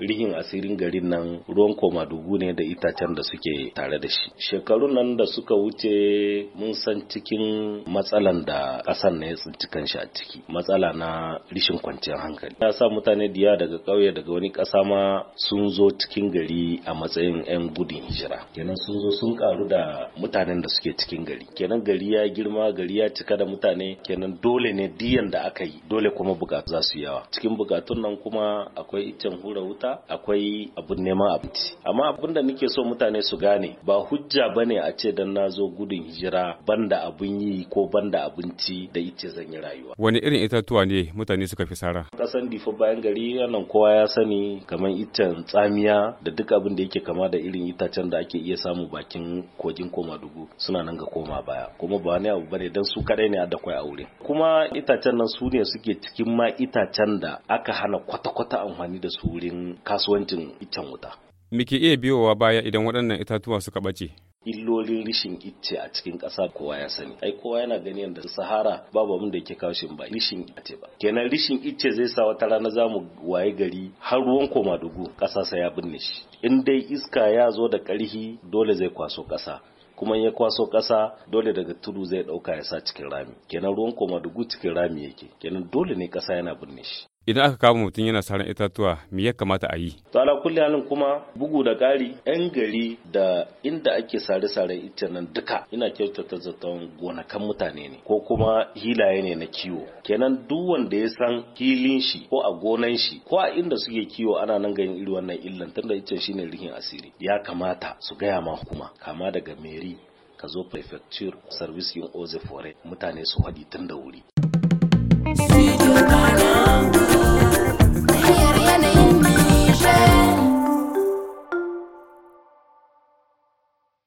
rihin asirin garin nan ruwan koma dubu ne da itacen da suke tare da shi shekarun nan da suka wuce mun san cikin matsalan da ƙasan na ya tsinci kanshi a ciki matsala na rishin kwanciyar hankali ya sa mutane diya daga ƙauye daga wani ƙasa ma sun zo cikin gari a matsayin 'yan gudun hijira kenan sun zo sun karu da mutanen da suke cikin gari kenan gari ya girma gari ya cika da mutane kenan dole ne diyan da aka yi dole kuma bukatu za su yawa cikin bukatun nan kuma akwai iccen hura wuta wuta akwai abun neman abinci amma abin da nake so mutane su gane ba hujja bane a ce dan na zo gudun hijira banda abun yi ko banda abinci da ice zan yi rayuwa wani irin itatuwa ne mutane suka fi sara kasan difa bayan gari nan kowa ya sani kamar itan tsamiya da duk abin da yake kama da irin itacen da ake iya samu bakin kogin koma dubu suna nan ga koma baya kuma ba wani abu bane dan su kadai ne a da kwai aure kuma itacen nan su ne suke cikin ma itacen da aka hana kwata-kwata amfani da su wurin kasuwancin iccen wuta. Miki iya biyowa baya idan waɗannan itatuwa suka ɓace? illolin rishin icce a cikin ƙasa kowa ya sani ai kowa yana gani yadda sahara babu abin da ke kawo ba rishin icce ba kenan rishin icce zai sa wata rana za mu waye gari har ruwan koma dugu ƙasa sa ya binne shi in dai iska ya zo da ƙarhi dole zai kwaso ƙasa kuma ya kwaso ƙasa dole daga tudu zai ɗauka ya sa cikin rami kenan ruwan koma dugu cikin rami yake kenan dole ne ƙasa yana binne shi idan aka kama mutum yana saran itatuwa me ya kamata a yi to ala kulli halin kuma bugu da ƙari yan gari da inda ake sare sare ita nan duka ina kyautata zaton gonakan mutane ne ko kuma hilaye ne na kiwo kenan duk wanda ya san hilin shi ko a gonan shi ko a inda suke kiwo ana nan ganin irin wannan illan tunda ita shine rihin asiri ya kamata su gaya ma hukuma kama daga meri ka zo prefecture service yin oze fore mutane su haɗi tun da wuri.